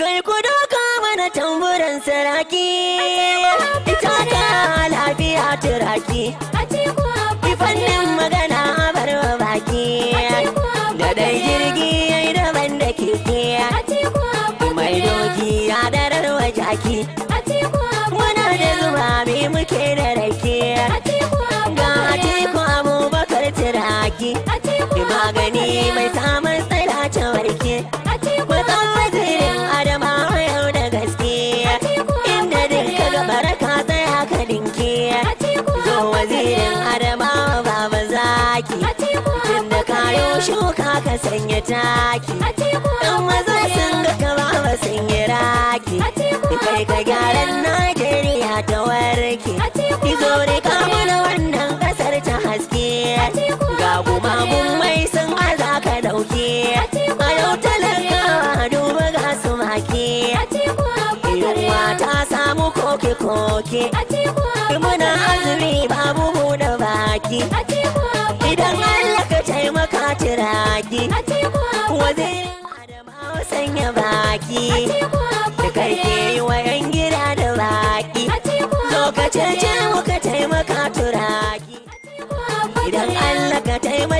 Kai ku doka mana tamburan saraki, ita ka lafiya turaki, fannin magana a barwa baki, da dai jirgi ya yi daban da keke, mai doki ya darar wa jaki, muna da zuba mai muke da rake, ga atiku abubakar turaki, magani mai Tunda kayo shuka ka sanya taki Dan maza sun ga kama sun yi raki Kai ka gyaran Najeriya ta warke Izo rika mana wannan kasar ta haske Ga mun mai sun aza ka dauke A yau talakawa duba ga su maki Yunwa ta samu koke-koke Muna azumi babu buɗe baki Idan Allah ka taimaka turaki. A teku Wazirin Adamawa sanya baki. A Karfe wa 'yan gida da baki. A teku Lokacin ka taimaka turaki. Idan Allah ka taimaka